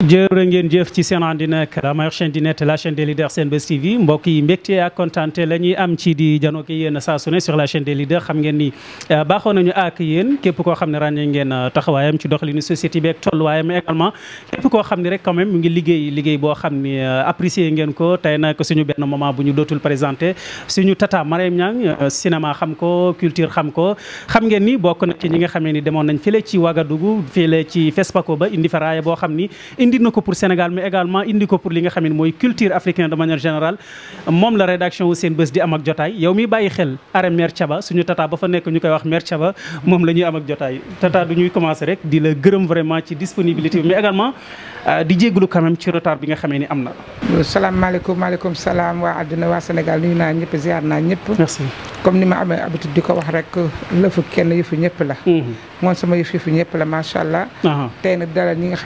jërë ngeen jëf ci seen àndina ak la meilleure chaîne net la chaîne de leaders Senbuzz TV mbokk yi mbégte ak kontaante la am ci di janoo ak yéen sur la chaîne des leaders xam ngeen ni euh, baaxoo nañu ak yéen képp koo xam ne ràññee ngeen euh, taxawaayam ci doxalinu société bi ak tolluwaayam également képp koo xam ne rek quand mu ngi liggéey liggéey boo xam ne euh, apprécié ngeen ko tey nag suñu benn moment bu ñu dootul présenté suñu tata Marème Niang cinéma xam ko culture xam ko xam ngeen ni bokk na ñi nga xamee ni demoon nañ file ci Ouagadougou file ci Fespaco ba indi fa raaya boo xam ni indi na ko pour Sénégal mais également indi ko pour li nga xam ne mooy culture africaine de manière générale moom la rédaction wu seen bés di am ak jotaay yow mi bàyyi xel arrêt Mère Thiaba suñu tata ba fa nekk ñu koy wax Mère Thiaba moom la am ak jotaay tata du ñuy commencé rek di la gërëm vraiment ci disponibilité mais également euh, di jégalu quand ci retard bi nga xamee ni am na. Euh, salaamaaleykum maaleykum salaam waa àdduna waa Sénégal nuyu naa ñëpp ziar ma amee habitude di ko wax rek lëfu kenn yëfu ñëpp la. Mm-hmm. moom sama yëf yëfu ñëpp la macha allah. Uh-huh. tey nag dalal ñi nga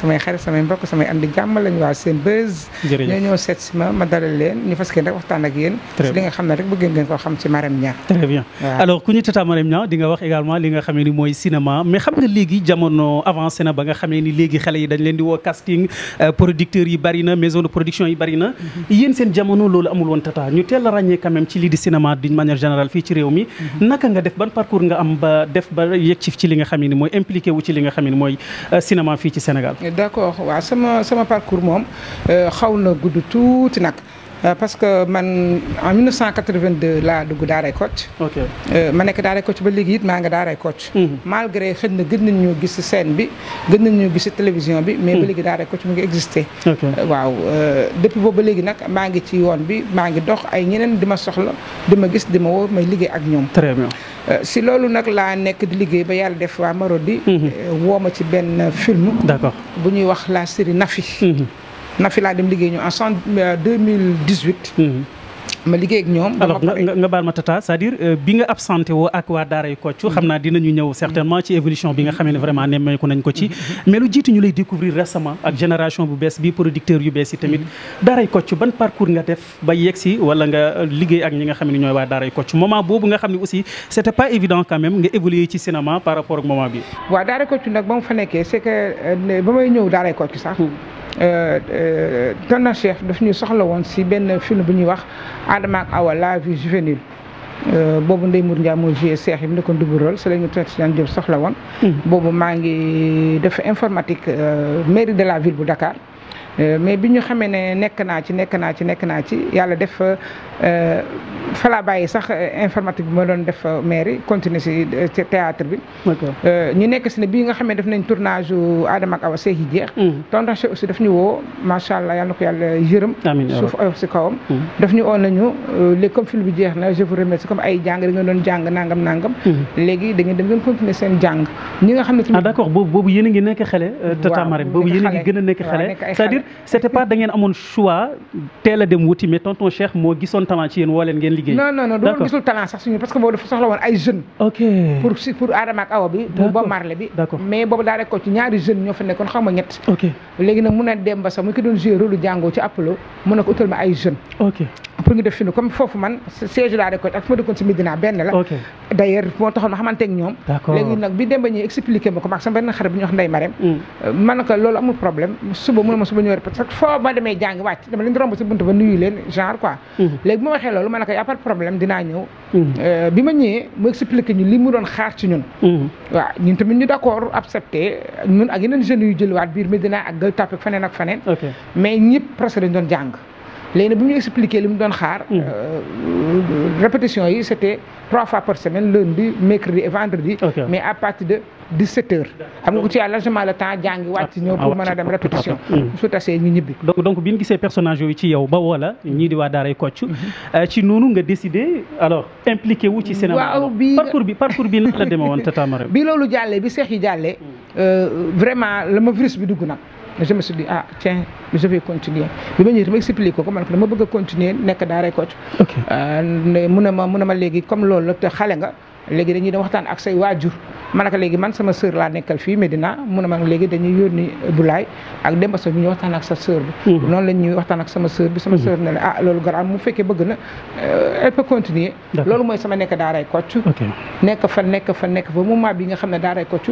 samay xarit samay mbokk samay am di jàmm lañu waa seen buzz ñoo ñëw seet si ma ma dalal leen ñu fas yéene rek waxtaan ak yéen nga xam ne rek bëgg ngeen koo xam ci Marème très bien alors ku ñu tata Marème Niang di nga wax également li nga xamee ni mooy cinéma mais xam nga léegi jamono avancé na ba nga xamee ni léegi xale yi dañ leen di woo casting euh, producteurs yi bari na maison de production yi bari na mhm. yéen seen jamono loolu amul woon tata ñu teel a ràññee quand même ci lii di cinéma d'une manière générale fii ci réew mhm. naka nga def ban parcours nga am ba def ba ci li nga xam ne ni mooy impliqué wu ci li nga xam ne mooy euh, cinéma fii ci Sénégal d' accord waaw sama sama parcours moom euh, xaw na gudd tuuti nag. Euh, parce que man en 1982 laa dugg Daaray Kocc. Euh, ma nekk Daaray Kocc ba léegi it maa nga Daaray Kocc. Mhm. malgré xëy na gën nañ ñoo gis ci scène bi gën ñoo gis ci télévision bi. mais ba mhm. léegi Daaray Kocc mu ngi existé. Euh, waaw depuis boobu ba léegi nag maa ngi ci yoon bi maa ngi dox ay ñeneen di ma soxla di ma gis di ma woo may liggéey ak ñoom. très bien si loolu nag laa nekk di liggéey ba yàlla def waa Marodi. Mhm. woo ma ci benn film. d'accord bu ñuy wax la série Nafi. na fi laa dem liggéey ñu en cent euh, deux mhm. ma liggéey ak ñoom. alors nga baal euh, bi nga absenté woo ak waa Daara yu Kocc xam naa dinañu ñëw certainement ci évolution bi nga xamee ne vraiment nemmeeku nañ ko ci. mais lu jiitu ñu lay découvrir récemment ak génération bu bees bi producteur yu bees yi tamit. Daara yu Kocc ban parcours nga def ba yegg si wala nga euh, liggéey ak ñi nga xam ne ñooy waa Daara yu Kocc moment boobu nga xam ne aussi c'était pas évident quand même nga évoluer ci cinéma par rapport ak moment bi. waaw Daara Euh, euh, Tonna Chef daf ñu soxla woon si benn film bu ñuy wax Adama ak Awa la vie juvénile euh, boobu ndey Mour Ndiaye moo joué seex yi mu nekkoon double rôle si la ñu traité daan jëm soxla woon. Hmm. boobu maa ngi def informatique mairie de la ville bu Dakar. mais bi ñu xamee ne nekk naa ci nekk naa ci nekk naa ci yàlla def Euh, falaa bàyyi sax euh, informatique bi ma doon def euh, mairie continuer si théâtre bi ñu nekk si ne bii nga xam ne def nañ tournage u Adama ak Awa Seex yi jeex mm. tonton Cheikh aussi daf ñu woo macha allah yal na ko yàlla yërëm suuf oyof si kawam mm. daf ñu oo nañu léegi comme film bi jeex na je vous remercie comme ay jàng da doon jàng nangam nangam mm. léegi da dem ngeen continuer seen jàng ñi nga xam ne ah boobu boobu yéen a ngi nekk xale tata Marème boobu yéen ngi gën nekk xale gisoon talent ci yéen woo leen ngeen liggéey. non non non du woon gisul talent sax suñu parce que boobu dafa soxla woon ay jeunes. ok pour Awa bi. bu Bob Marley bi. mais boobu daa rek ko ci ñaari jeunes ñoo fa nekkoon xaw ma ñett. ok léegi nag mun a dem ba sax mu ki doon joué rôle jàngoo ci Apollo mun na ko ma ay jeunes. ok pour ñu def film comme foofu man siège laa récolte ak fu ma dëkkoon si Medina benn d' ailleurs moo taxoon ma xamante ak ñoom léegi nag bi mm. problème suba ne ma suba ñëw mm. a mm. euh, bi ma ñëwee mu expliqué ñu li doon xaar ci ñun waaw ñun tamit ñu d' accord accepté ñun ak yeneen jeunes yu jëliwaat biir Medina ak Gueule Tapée ak feneen ak feneen mais ñëpp presque dañ doon léegi nag bu ñu expliqué li mu doon xaar. Hmm. Euh, répétition yi c' était trois fois par semaine lundi mercredi et vendredi. mais à parti de 17 heures. xam nga ku ci largement le temps jàngi wàcc ñëw ah, pour mën a dem répétition. Hmm. su tasee ñu ñibbi. donc donc bi ñu gisee personnage yooyu ci yow ba wala hmm. ñii di waa daaray Kocc. Euh, ci noonu nga décidé alors impliqué wu ci cinéma. bi bii parcours bi parcours bi nan la demee woon Tata Marème. bi loolu jàllee bi seex yi jàllee. Euh, vraiment la ma virus bi dugg nag. mais je me suis dit ah tiens je vais continuer bi ma ñëwee ma expliqué ko man a dama bëgg a continue nekk daaray Kocc. ok euh, mu a ma mu ne ma léegi comme loolu la te xale nga. léegi dañuy dem waxtaan ak say waajur ma ne léegi man sama sœur laa nekkal fii Medina mu ne ma léegi dañuy yónni Boulaye ak Demba Sow ñu waxtaan ak sa sœur bi hmm. noonu la ñuy waxtaan ak sama sœur bi sama hmm. sœur ne ah loolu garaam mu fekkee bëgg na euh, elle peut continuer loolu mooy sama nekk daaray Kocc nekk fa nekk fa nekk fa moment bi nga xam ne daaray Kocc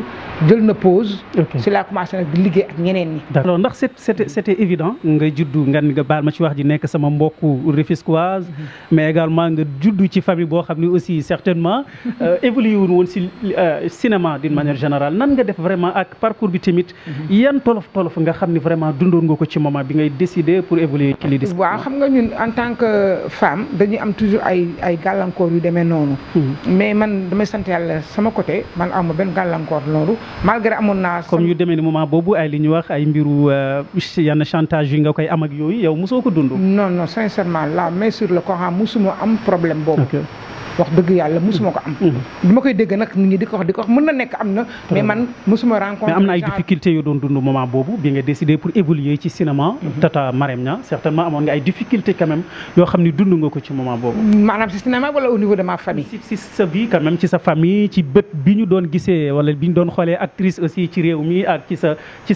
jël na pause si laa commencé nag di liggéey ak ñeneen ñi alors ndax c' était c' était évident nga juddu nga nga baal ma ci wax ji nekk sama mbokku Rufisquoise hmm. mais également nga juddu ci famille boo xam ne aussi certainement Euh, évolué wuñ woon si euh, cinéma d'une manière général nan nga def vraiment ak parcours bi tamit mhm. yan tolof tolof nga xam ni vraiment dundoon nga ko ci moment bi ngay décider pour évoluer ci lii di waaw xam nga ñun en tant que femme dañuy am toujours ay ay gàllankoor yu demee noonu mhm. mais man damay sant sama côté man aw ma benn gàllankoor loolu malgré amoon naa comme yu demee ni moment boobu ay li ñu wax ay mbiru euh, yenn chantage yi nga koy am yooyu yow mosoo ko dund non non sincèrement la main sur le Coran ah, mosuma am problème boobu wax dëgg yàlla mosuma ko am mm-hmm. bi ma koy dégg nag nit ñi di wax di wax mën na nekk am na mais man mosuma rencontre mais am na ay difficultés yoo doon dund moment boobu bi nga décidé pour évoluer ci cinéma mm-hmm. tata Marème Niang certainement amoon nga ay difficultés quand yoo xam ni dund nga ko ci moment boobu maanaam si cinéma wala au de ma famille si ci sa famille ci bët bi ñu doon gisee wala bi ñu doon xoolee actrice aussi ci réew mi ak ci sa ci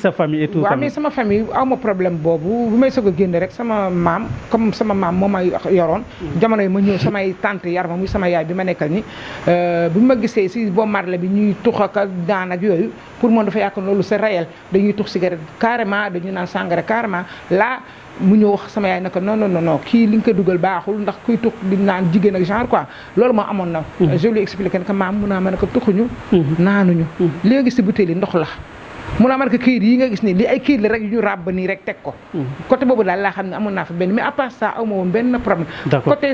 a sama yaay bi ma nekkal ni euh, bu ma gisee si bo marle bi ñuy tux ak daan ak yooyu pour moom dafa yaakaar loolu c'est réel dañuy tux cigarette carrément dañu naan sangara carrément là mu ñëw wax sama yaay naka non non non kii li nga ko dugal baaxul ndax kuy tux di naan jigéen ak genre quoi loolu moo amoon na mhm. je lui expliqué ne que maam mun naa ma ne ko tuxuñu mhm. naanuñu mhm. léegi si butéeli ndox la mun naa man que këyit yi nga gis nii li ay këyit la rek ñu ràbb nii rek teg ko mm. côté boobu daal laa xam ne amoon naa fa benn mais à part ça benn problème côté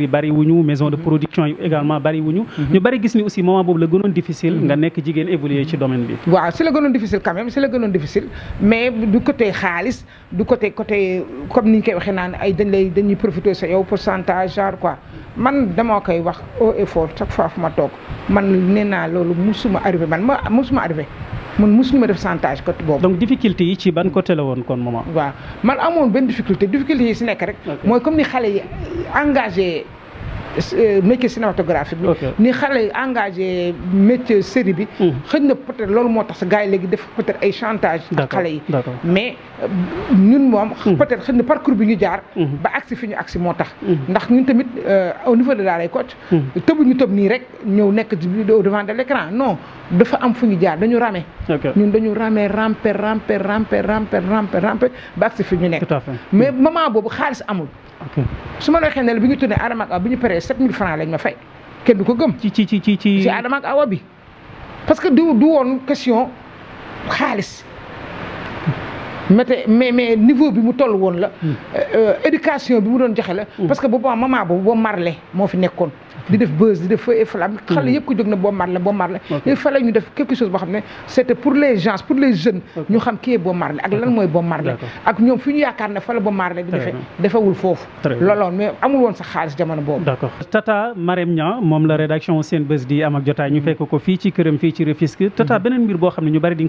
yi bari wuñu mm-hmm. mm-hmm. aussi mm-hmm. si la gënoon difficile quand si la gënoon difficile mais du côté xaalis du côté côté comme ni ñu koy waxee naan ay dañ lay dañuy profité sa yow pourcentage genre quoi man damaa koy wax au effort chaque fois fu ma toog man nee naa loolu musuma arrivé man ma musuma arrivé man musuñu ma def pourcentage côté boobu. donc yi ci ban côté la woon kon maman. waaw man amoon benn difficulté difficulté yi si nekk rek. mooy comme ni xale yi engagé. Euh, métier cinématographique bi. ni xale yi engagé série bi. Hmm. xëy na peut être loolu moo tax sa gars yi léegi def peut ay chantage. ak xale yi mais euh, ñun moom. Hmm. peut être xëy na parcours bi ñu jaar. Hmm. ba agsi fi ñu agsi moo tax. ndax ñun tamit euh, au niveau de Daaray Kocc. tëbu ñu tëb nii rek ñëw nekk au devant de l' écran non dafa am fu ñu jaar dañu rame. ñun dañu rame rampe rampe rampe rampe rampe rampe ba agsi fi ñu nekk. mais ma moment boobu xaalis amul. su ma la waxee bi ñu tourné Aramak 7000 francs lañ ma fay kenn du ko gëm. ci ci ci ci ci Adama ak Awa bi. parce que du du woon question xaalis mais mais mais niveau bi mu toll woon la. Hmm. Euh, euh, éducation bi mu doon joxe la. Hmm. parce que bu boobaa maman boobu boo marle moo fi nekkoon. di def buzz di def feu et flamme hmm. xale yëpp ko jóg na Bob Marley Bob Marley il fallait ñu def quelque chose boo xam ne c'était pour les gens pour les jeunes ñu xam kii est Bob ak lan mooy Bob Marley ak ñoom fi ñu yaakaar ne fa la Bob Marley di defee defewul foofu looloon mais amul woon sa xaalis jamono boobu d'accord Tata Marème moom la rédaction Senbuzz di am ak jotaay ñu hmm. fekk ko fii ci këram fii ci Rufisque hmm. Tata beneen mbir boo xam ne ñu bari di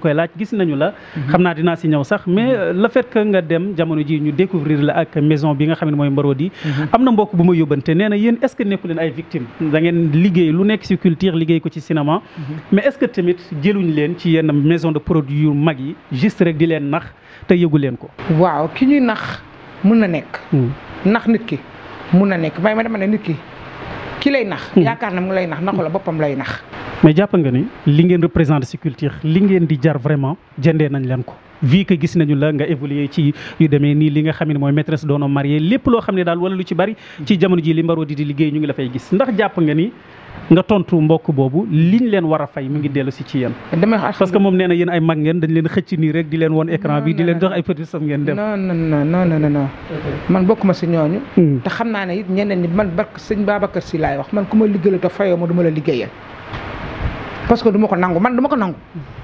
nga victime da ngeen liggéey lu nekk ci culture liggéey ko ci cinéma mhm. mais est-ce que tamit jëluñ leen ci yenn maison de produit yu mag yi juste rek di leen nax te yëgu leen ko waaw ki ñuy nax mun na nekk hmm. nax nit ki mun na nekk may ma dama ne nit ki ki lay nax hmm. yaakaar na mu lay nax naxu la hmm. boppam lay nax mais jàpp nga ni li ngeen représenté ci culture li ngeen di jar vraiment jëndee nañ leen ko vu que gis nañu la nga évoluer ci yu demee nii li nga xam ne mooy maîtresse d'un homme marié lépp loo xam ne daal wala lu ci bari ci jamono ji li mbaroo di di liggéey ñu ngi la fay gis ndax jàpp nga ni nga tontu mbokk boobu liñ leen war a fay mu ngi dellu si ci yéen parce que moom nee na yéen ay mag ngeen dañ leen xëcc nii rek di leen woon écran bi di leen jox ay petits sam ngeen dem non non non non non man bokkuma si ñooñu hmm. te xam naa ne it ñeneen ñi man bark sëñ Babacar si laay wax man ku ma liggéeyal fayoo ma du ma la parce que du ko nangu man du ma ko nangu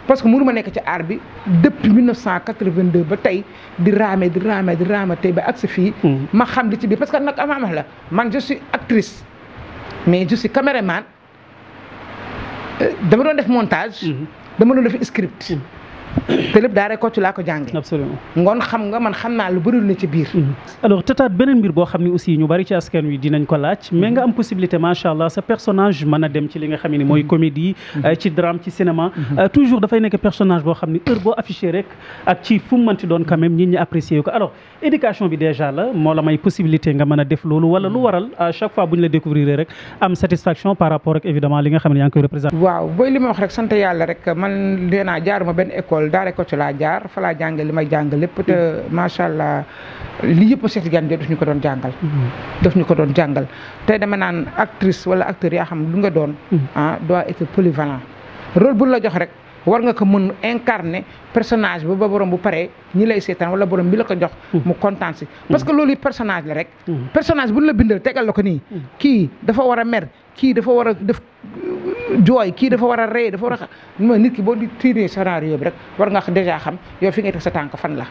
parce que mënu ma nekk ci aar bi depuis 1982 ba tey di raame di raame di raame tey ba ak si fii hmm. ma xam li ci biir parce que nag amaama la man je suis actrice mais je suis caméraman euh, dama doon def montage hmm. dama doon def script hmm. te lépp daaree Kocc laa ko jàngee. ngoon xam nga man xam naa lu bëri na ci biir. Mhm. alors tataat beneen mbir boo xam ne aussi ñu bari ci askan wi dinañ ko laaj. mais mhm. nga am possibilité macha allah sa personnage mën a dem ci li nga xam mooy mhm. comédie. Euh, ci drame ci cinéma. Euh, toujours dafay nekk personnage boo xam ne heure boo affiché rek ak ci fu mu mënti doon quand même ñi apprécier ko alors éducation bi déjà la moo la may possibilité nga mën a def loolu w lu école daara ko ci laa jaar fa laa jàng li may jàng lépp te macha allah li yëpp Cheikh Tidiane Diop daf ñu ko doon jàngal. Mm-hmm. daf ñu ko doon jàngal te dama naan actrice wala acteur yaa xam lu nga doon. Mm-hmm. ah doit être polyvalent rôle bu la jox rek. war nga ko mën incarner personnage ba ba borom bu paree ñi lay seetaan wala borom bi la ko jox. Mm-hmm. mu kontaan si parce que loolu personnage la rek. personnage bu a bindal tegal la ko nii. kii dafa war a mer kii dafa war a def jooy kii dafa war a rey dafa war a ma nit ki boo xam yow fi ngay teg sa tànk fan la.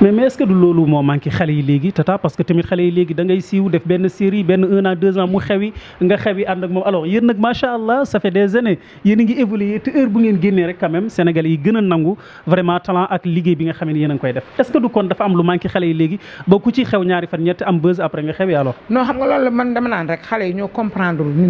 mais mais est loolu moo manqué xale yi léegi tata parce que tamit xale yi léegi da siiw def benn série benn un an deux ans mu xewi nga xewi ànd ak moom alors yéen nag macha allah ça des années yéen a ngi évolué te heure bu ngeen génnee rek quand même yi gën a nangu vraiment talent ak liggéey bi nga xam ne yéen a ngi koy def est-ce que kon dafa lu manqué xale yi léegi ba ku ci xew ñaari fan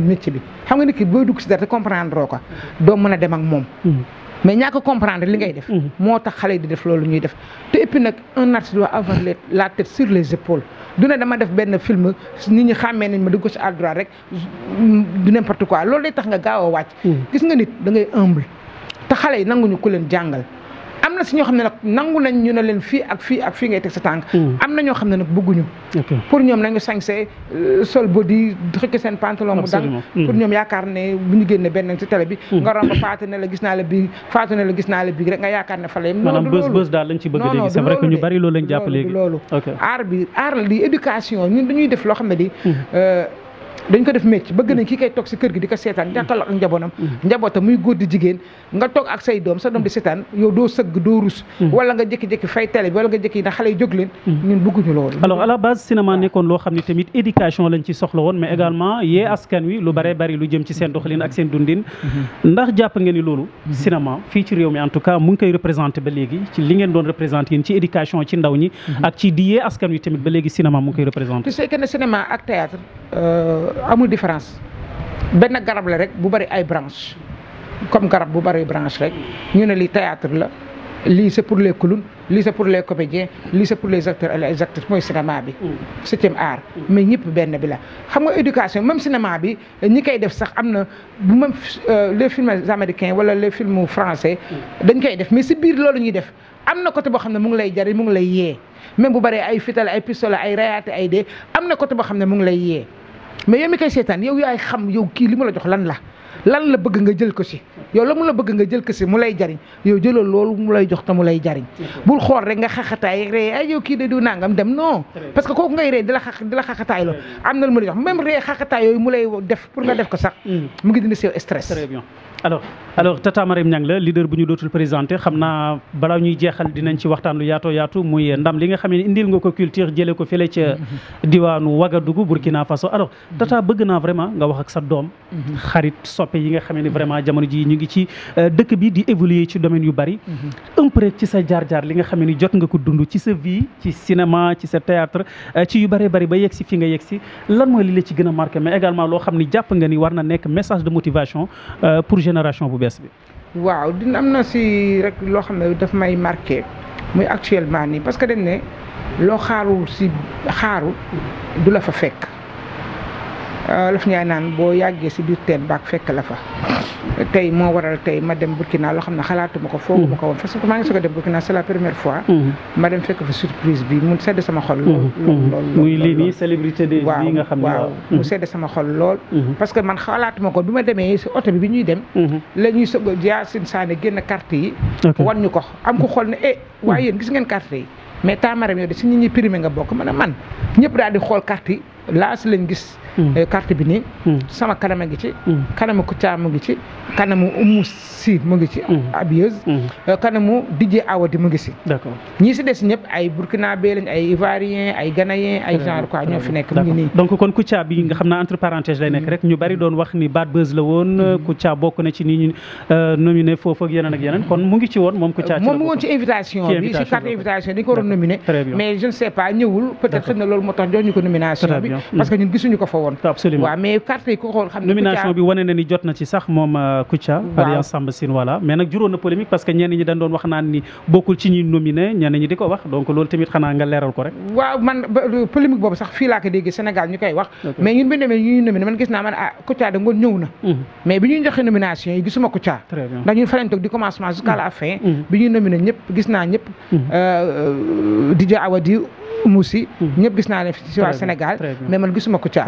métier bi xam nga nit ki boo dugg si dara te comprendre roo ko doo mën a dem ak moom mm-hmm. mais ñaa ko comprendre li ngay def mm-hmm. Mm-hmm. moo tax xale yi di def loolu ñuy def te et puis nag un artiste doit avoir la tête sur les épaules du ne dama def benn film nit ñi xàmmee nañ ma di gauche à droite rek du n'importe quoi loolu day tax nga gaaw a wàcc gis nga nit dangay ngay humble te xale yi nanguñu ku leen jàngal am na si ñoo xam ne nag nangu nañ ñu ne leen fii ak fii ak fii ngay teg sa hmm. am na ñoo xam ne nag bëgguñu. pour ñoom nañu sañse euh, sol body xëcc seen pantalon mu dal hmm. pour ñoom yaakaar ne bu ñu génne benn ci télé bi. Hmm. nga romb faatu ne la gis naa la bii faatu ne la gis naa la bii rek nga yaakaar ne fa lay. maanaam bës bës daal lañ ci bëgg léegi c'est vrai que ñu bari loolu lañ jàpp léegi loolu aar bi aar la di éducation ñun dañuy def loo xam ne euh, dañ ko def mécc bëgg nañ kii kay toog si kër gi di ko seetaan jàkkaarloo ak njabootam mm-hmm. Mm-hmm. njabootam muy góor di jigéen nga toog ak say doom sa doom di seetaan yow doo sëgg doo rus mm-hmm. wala nga jëkki jékki fay télé bi wala nga jékki na xale yi jóg leen ñun bëgguñu loolu alors à la base cinéma nekkoon loo xam ne tamit éducation lañ ci soxla woon mais également yee askan wi lu bare bari lu jëm ci seen doxalin ak seen dundin ndax jàpp ngeen ni loolu cinéma fii ci réew mi en tout cas mu ngi koy représenté ba léegi ci li ngeen doon représenté ci éducation ci ndaw ñi ak ba léegi cinéma mu ngi koy Euh, amul différence benn garab la rek bu bari ay branche comme garab bu bari branche rek ñu ne lii théâtre la lii c'est pur les clowns lii c'est pour les comédiens lii c'est pour les acteurs et les actrices mooy cinéma bi. septième art. mais ñëpp benn bi la xam nga éducation même cinéma bi ñi koy def sax am na bu même euh, les films américains wala les films français. dañ koy def mais si biir loolu ñuy def am na côté boo xam ne mu ngi lay jari mu ngi lay yee même bu baree ay fital ay pistolet ay rayaate ay am na côté boo xam ne mu ngi lay yee. mais yow mi koy seetaan yow yaay xam yow kii li mu la jox lan la lan la bëgg nga jël ko si yow la mu la bëgg nga jël ko si mu lay jariñ yow jëloo loolu mu lay jox te mu lay jariñ bul xool rek nga xaxataay ree ay yow kii de du nangam dem non parce que kooku ngay ree di la xax di la xaxataay loolu am na lu mu lay jox même ree xaxataay yooyu mu lay def pour nga def ko sax mm. mu ngi dindi sew stress très bien alors alors Tata la leader bu ñu dootul présenté xam naa balaa ñuy jeexal dinañ ci waxtaan lu yaatoo yaatu muy ndam li nga xam ne indil nga ko culture jële ko fële ca mm-hmm. diwaanu Ouagadougou Burkina Faso alors mm-hmm. Tata bëgg naa vraiment nga wax ak sa doom mm-hmm. xarit soppe yi nga xamee ne vraiment jamono ji ñu ngi ci euh, dëkk bi di évoluer ci domaine yu bari mm-hmm. un ci sa jaar-jaar li nga xam ni jot nga ko dund ci sa vie ci cinéma ci sa théâtre euh, ci yu bari bari ba yegg si fi nga yegg si lan mooy li la ci gën a ma mais également loo xam ni jàpp nga ni war na nekk message de motivation euh, pour génération bu bees bi waaw dina am na si rek loo xam ne daf may marqué muy actuellement nii parce que dañ ne loo xaarul si xaaru du la fa fekk Euh, laf Njaay naan boo yàggee si biir teen baak fekk la fa tey moo waral tey ma dem naa loo xam ne xalaatuma ko fooguma ko woon parce que dem Burkina c'est la première fois mm-hmm. ma dem fekk mu sedd sama xol lool mm-hmm. Mm-hmm. lool muy lii nii célébrité de nga xam ne mu sedd sama xol lool parce man xalaatuma ko bi ma demee si oto bi bi ñuy dem la ñuy soog a Yacine Sané génn carte yi wan ñu ko am ko xool ne eh waaye yéen gis ngeen carte yi mais tamaram yow de si nit ñi primé nga bokk man a man ñëpp daa di xool carte laas lañ gis. Hmm. Eh, carte bi nii. Hmm. sama kanam a ngi ci. Hmm. kanamu Kouthia mu ngi ci. kanamu Oumou Sy mu ngi ci. Abieuse. Eh, kanamu DJ Awadi mu ngi si. des ñëpp ay burkinabé lañ bi ñu bari doon wax ni bad buzz la woon. Kouthia bokk na ci ni ñu eh, foofu ak yeneen ak yeneen kon mu ngi ci woon moom Kouthia. ci mu ngi ci invitation bi ci carte invitation dañu ko waroon nominé. mais je ne sais pas ñëwul peut na loolu moo tax jox ñu ko nomination bi millions mm. parce que ñun gisuñu ko fa woon absolument mais carte yi ku xool xam nomination bi wane na ni jot na ci sax moom euh, Kouthia Alliance Samba Sine voilà mais nag juróon na polémique parce que ñenn ñi dañ doon wax naan ni bokkul ci ñuy nominé ñenn ñi di ko wax donc loolu tamit xanaa nga leeral ko rek waaw man polémique boobu sax fii laa ko Sénégal ñu koy wax mais ñun bi demee ñu nominé man gis naa man ah Kouthia da ñëw na mm-hmm. mais bi ñun fanañ toog mm-hmm. Mm-hmm. gis mais man gisuma Kouthia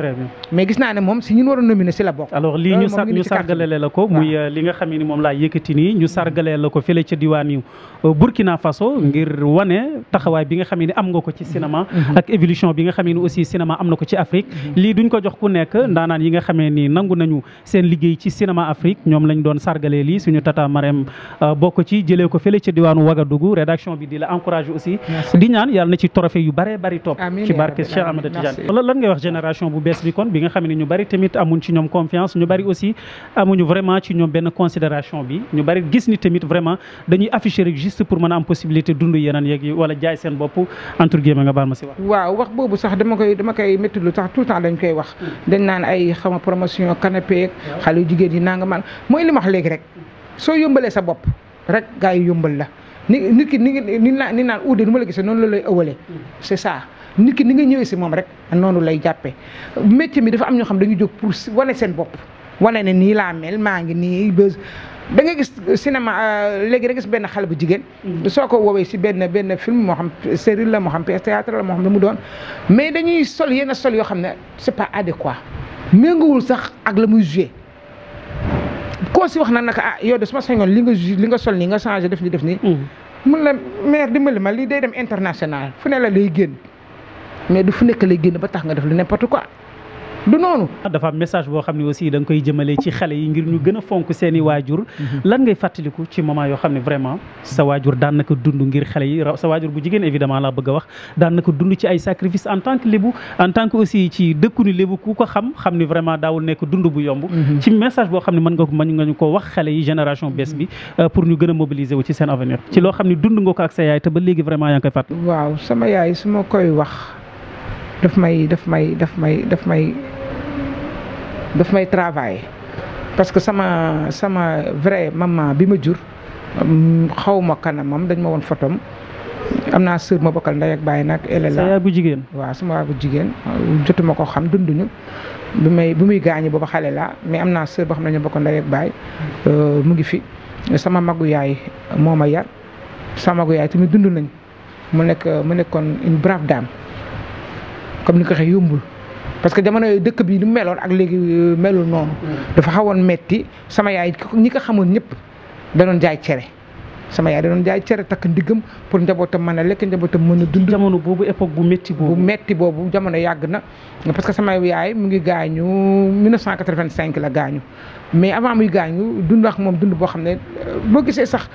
mais gis naa ne moom si ñun war a nominé si la bokk alors lii ñu sa ñu sargalele la ko muy euh, li nga xam ni moom laa yëkkati nii ñu sargalee la ko fële ca diwaan yu euh, Burkina Faso ngir wane taxawaay bi nga xam ne am nga ko ci cinéma mm-hmm. Mm-hmm. ak évolution bi nga xam ne aussi cinéma am na ko ci Afrique mm-hmm. lii duñ ko jox ku nekk ndaanaan yi nga xamee ni nangu nañu seen liggéey ci cinéma Afrique ñoom lañ doon sargalee lii suñu tata Marème euh, bokk ci jëlee ko fële ca diwaanu Ouagadougou rédaction bi di la encouragé aussi ñaan yàlla na ci trophée yu bare bari topp ci barke ngay wax génération bu bees bi kon bi nga xam ne ñu bari tamit amuñ ci ñoom confiance ñu bari aussi a ma si wax. waaw wax boobu sax dama koy dama koy métti sax tout temps dañ koy wax dañ naan ay xama promotion canapé xale jigéen yi nanga man mooy li léegi rek soo yombalee sa bopp rek gaa yi la ni nit ki ni ni naan ni naan uude nu ma la gisee noonu la lay ëwalee c'est ça. nit ki ni nga ñëwee si moom rek noonu lay jàppee métier mi dafa am ñoo xam dañu jóg pour wane seen bopp wane ne nii laa mel maa ngi nii bës da nga gis cinéma euh, léegi da gis benn xale bu jigéen mm-hmm. soo ko woowee si benn benn film moo xam série la moo xam pièce théâtre la moo xam ne mu doon mais dañuy sol yenn sol yoo xam ne c'est pas adéquat méngoowul sax ak la muy joué koo si wax na naka ah yow de su ma sañoon li nga li nga sol nii nga changé def ni def nii mm-hmm. mun la maire dimbali ma lii day dem international fu ne la lay génn mais du fu nekk lay génn ba tax nga def lu n'importe quoi du noonu. dafa am message boo xam ne aussi da nga koy jëmale ci xale yi ngir ñu gën a fonk seeni waajur. Mhm. lan ngay fàttaliku ci moment yoo xam ne vraiment sa waajur daanaka na dund ngir xale yi sa waajur bu jigéen évidemment laa bëgg a wax daan na ko dund ci ay sacrifice en tant que lébu en tant que aussi ci dëkku ni lébu ku ko xam xam ni vraiment daawul nekk dund bu yomb. Mhm. ci message boo xam ne mën nga ko mën nga ñu ko wax xale yi génération bees mhm. euh, pour ñu gën a mobiliser wu ci seen loo xam ne dund nga ko ak sa yaay te ba léegi vraiment yaa sama yaay su ma koy wax. daf may daf may daf may daf may daf may travailler parce que sama sama vrai maman bi ma jur xaw ma moom dañ ma woon fotom am naa sœur ma bokkal ndey ak bàyyi nag. elle la yaay bu jigéen. waaw sama yaay bu jigéen jotuma ko xam dunduñu bi may bi muy gaañu booba xale la mais am naa sœur boo xam ne ñu bokkal ndey ak bàyyi euh, mu ngi fi sama maguyaay yaay moo yar sama magu yaay tamit dundu nañ mu nekk mu nekkoon une brave dame. comme ni ko xee yombul parce que jamono yooyu dëkk bi lu meloon ak léegi euh, meloon noonu. Mm. dafa xawoon metti sama yaay ñi ko xamoon ñëpp danoon jaay cere. sama yaay da doon jaay cere takk ndiggam pour njabootam mën a lekk njabootam mën a dund jamono boobu époque bu métti boobu bu métti boobu jamono yàgg na parce que sama yaay mu ngi gaañu 1985 la gaañu mais avant muy gaañu dund ak moom dund boo xam ne euh, boo gisee sax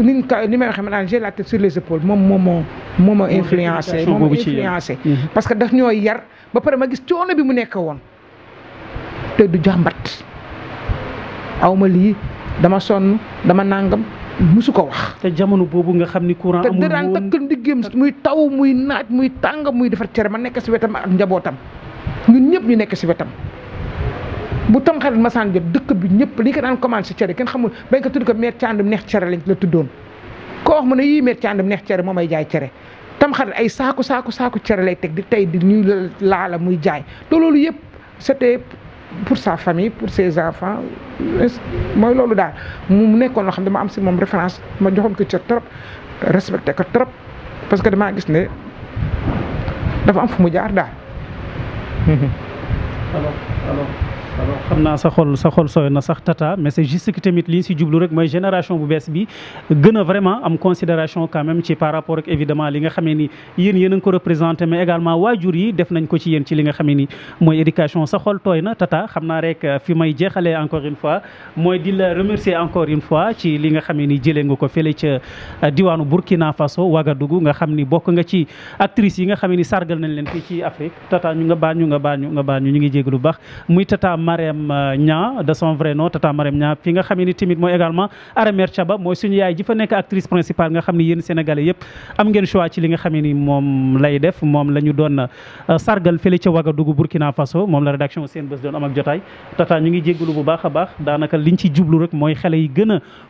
ni ni may waxee maanaam j'ai la tête sur les épaules moom moo moo moo ma influencé moo ma mm-hmm. parce que daf ñoo yar ba pare ma gis coono bi mu nekk woon te du jàmbat aw ma lii dama sonn dama nangam musu ko wax. te jamono boobu nga xam ni courant amul woon te daan takk ndiggéem muy taw muy naaj muy tàng muy defar cere ma nekk si wetam ak njabootam ñun ñëpp ñu nekk si wetam. bu tam xarit masaan jot dëkk bi ñëpp li ko daan commande cere kenn xamul bañ ko tudd ko neex cere lañ la tuddoon koo wax mu ne yii meer càndum neex cere moom ay jaay cere tam ay saaku saaku saaku cere lay teg di tey di ñuy laala muy jaay te loolu yëpp c'était pour sa famille pour ses enfants mooy loolu daal mu nekkoon loo xam ne dama am si moom référence ma joxoon ko ca trop respecté ko trop parce que damaa gis ne dafa am fu mu jaar daal. xam naa sa xol sa xol sooy na sax tata mais juste que tamit li rek mooy génération bu bees bi gën a am considération quand même ci par rapport ak évidemment li nga xamee ni yéen yéen a ngi ko représenté mais également waajur yi def nañ ko ci yéen ci li nga xamee ni mooy éducation sa xol tooy na tata xam naa rek euh, fi may jeexalee encore une fois mooy di la remercier encore une fois ci li nga xamee ni jëlee nga ko fële ca euh, diwaanu Burkina Faso Ouagadougou nga xam ni bokk nga ci actrice yi nga xamee ni sargal nañ leen fii ci Afrique tata ñu nga baal ñu nga baal ñu nga baa ñu ñu ngi jéglu baax Marème euh, Niang de tata Marème Niang fi nga xam timit mooy également Aramer Thiaba mooy suñu yaay ji fa nekk actrice principale nga xam ni yéen sénégalais yëpp am ngeen choix ci li nga xam euh, a mooy xale yi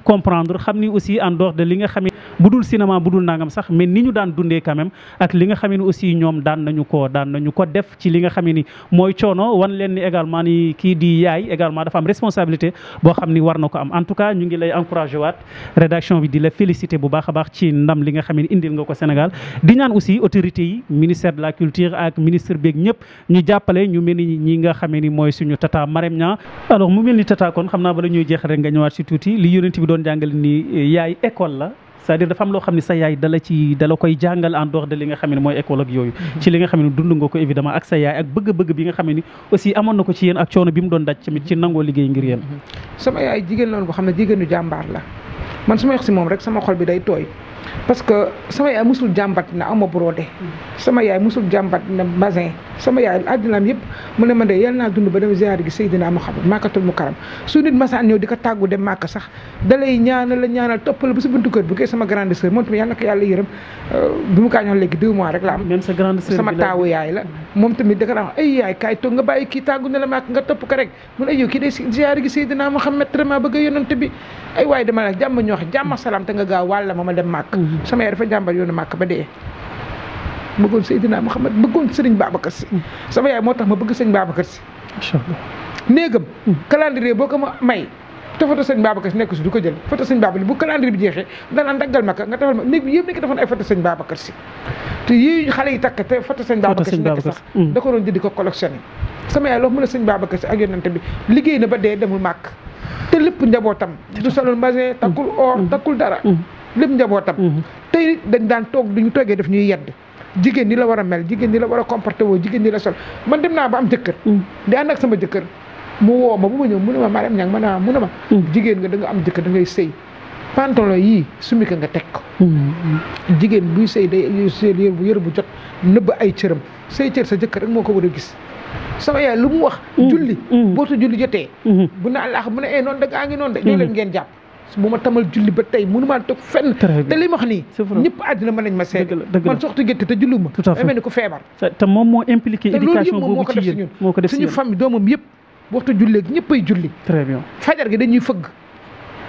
comprendre xam ni aussi en dehors de li nga xam bu dul cinéma bu dul nangam sax mais ni ñu daan dundee quand ak li nga xam aussi ñoom daan nañu ko ko def ci li nga xam mooy coono wan leen également ni kii di yaay également dafa am responsabilité boo xam ni war na ko am en tout cas ñu ngi lay encouragé waat rédaction bi di la félicité bu baax a baax ci ndam li nga xam ne indil nga ko Sénégal di ñaan aussi autorité yi ministère de la culture ak ministre beeg ñëpp ñu jàppale ñu mel ni ñi nga xamee ni mooy suñu tata Marème Niang alors mu mel ni tata kon xam naa bala ñuy jeex rek nga ñëwaat si tuuti li yonent bi doon jàngale ni yaay école la cest à dafa am loo xam ne sa yaay dala ci dala koy jàngal en dehors nga xam ne mooy école ak yooyu hmm. ci li nga xam ne dund nga ko évidemment ak sa yaay ak bëgg-bëgg bi nga xam ne aussi amoon na ko ci yéen ak coono bi mu doon daj tamit ci nangoo liggéey ngir yéen hmm. sama yaay jigéen loolu boo xam ne jigéenu jàmbaar la man su ma si moom rek sama xol bi day tooy parce que sama yaay musul jàmbat na ama sama yaay musul jàmbat na bazin sama yaay àddinaam yëpp mu ne ma de yal naa dund ba dem ziar gi Seydina Muhammad màkkatul mu karam su nit masaan ñëw di ko tàggu dem màkk sax ba si buntu bu koy sama grande sœur euh, bi mois rek la am sama taawu yaay la ay nga bàyyi kii tàggu ne la a yonante bi ay waaye dama la jàmm ñoox jàmm salaam te nga gaaw wàlla ma ma dem màkk sama yaay dafa jàmbar yoonu màkk ba dee bëggoon Seydina Muhammad bëggoon sëriñ Babacar si sama yaay moo tax ma bëgg sëriñ Babacar si néegam calendrier boo ko ma may ko ma ka nga defal ma néeg bi yëpp nekk defoon ay photo sëñ Babacar si te yii xale yi takk te photo sëñ Babacar si nekk sax mm. da ko mën a sëñ Babacar si liggéey na ba dee demul màkk te lépp njabootam du saloon basin takkul or mm. takkul dara mm. lépp njabootam mhm. tey dañ daan toog ñu toogee def ñuy yedd jigéen ni la war a mel jigéen ni la war a comporté woo jigéen ni la sol man dem naa ba am jëkkër mhm. di ànd ak sama jëkkër mu woo ma bu ma ñëw mu ne ma Marème Niang ma ne mu ne ma mhm. jigéen nga da nga am jëkkër da ngay sëy pantalon yii sumi ko nga teg ko jigéen buy sëy day sëy bu yër bu jot nëbb ay cëram say cër sa jëkkër rek moo ko war a gis sama yaay lu mu wax julli boo ta julli jotee bu na laax bu ne ee eh, noonu da gaa ngi noon de ñoo leen ngeen jàpp bu ma tamal julli ba tey mënu maa toog fenn te li ma wax nii ñëpp àddina mën ma seet man soxtu gétt te jullu ma tout à fait mel feebar te moom moo impliqué éducation boobu ci yéen moo ko def suñu famille doomam yëpp waxtu julli ak ñëppay julli très bien fajar gi fëgg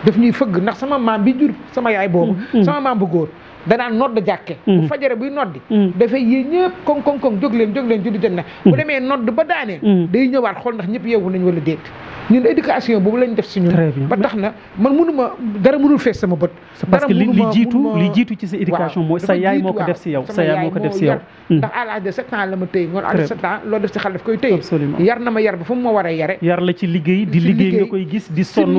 daf ñuy fëgg ndax sama maam bi jur sama yaay boobu mm, mm. sama maam bu danaa nodd jàkke mm. bu fajare buy noddi mm. dafay yee ñëpp koŋ koŋ koŋ jóg leen jóg leen julli jot na mm. bu demee nodd ba daaneel day ñëwaat xool ndax ñëpp yeewu nañ wala déet ñun éducation boobu lañ def si ñun ba tax na man mënuma dara mënul fees sama bët parce que li jiitu li jiitu ci sa éducation mooy sa yaay moo ko def si yow ndax à de sept la ma téye ngoon à de sept loo def si xale daf koy téye yar na ma yar ba fu mu ma war yare yar la ci liggéey di liggéey nga koy gis di sonn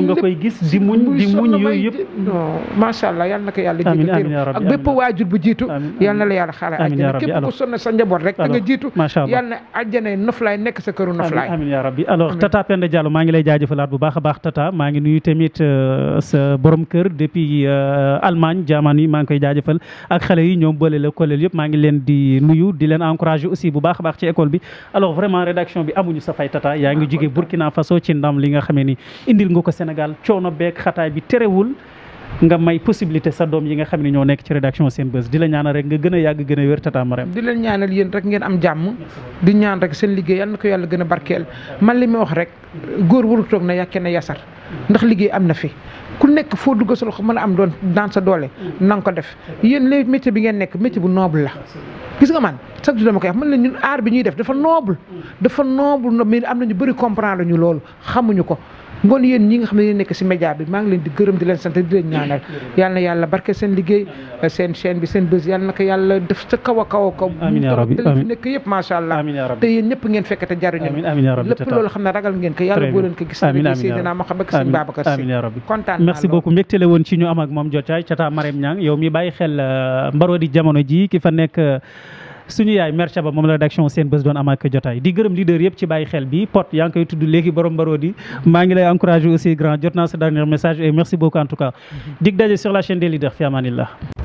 bépp waajur bu jiitu yal na la yàlla xaale àjjana képp ku sonn sa njaboot rek da nga jiitu yal na àjjana noflaay nekk sa këru noflaay tata Penda Diallo maa ngi lay jaajëfalaat bu baax a baax tata maa ngi nuyu tamit euh, sa kër depuis euh, Allemagne jaamaan maa ngi koy jaajëfal ak xale yi ñoom bële la koleel yëpp maa ngi leen di nuyu di leen encouragé aussi bu baax a baax ci école bi alors vraiment rédaction bi amuñu sa fay tata yaa ngi ah, jóge nga may possibilité sa doom yi nga xam ne ñoo nekk ci rédaction Senbuzz di la a yàgg gën a wér tata Marème di leen ñaanal yéen rek ngeen am jàmm di ñaan rek seen liggéey yal na ko yàlla gën a barkeel man li ma wax rek góor waru toog na yàkkee na yasar ndax liggéey am na fi ku nekk foo dugg sa loxo mën am doon daan sa doole nan ko def yéen léegi métier bi ngeen nekk métier bu noble la gis nga man chaque jour dama koy wax man la ñun aar bi ñuy def dafa noble dafa noble mais am na ñu bëri comprendre ñu loolu xamuñu ko ngoon yéen ñi nga xam ne yéen nekk si média bi maa ngi leen di gërëm di leen sant di leen ñaanal yal na yàlla barke seen liggéey seen chaîne bi seen bés yal na ko yàlla def sa kaw a kaw a kaw fi nekk yëpp macha allah te yéen ñëpp ngeen fekk te jariñu lépp loolu xam ne ragal ngeen ko yàlla boo leen ko gis Seydina Muhammad ak sëñ Babacar Si merci beaucoup mbégte la woon ci ñu am ak moom jotaay Tata Marème Niang yow mi bàyyi xel euh, mbaroo di suñu yaay mère Chaba moom la rédaction seen bés doon am ak jotaay di gërëm leader yëpp ci bàyyi xel bi pot yaa ngi koy léegi borom mbaroo maa ngi lay encouragé aussi grand jot naa sa dernier message et merci beaucoup en tout cas mm-hmm. sur la chaîne des leaders fi amaanillah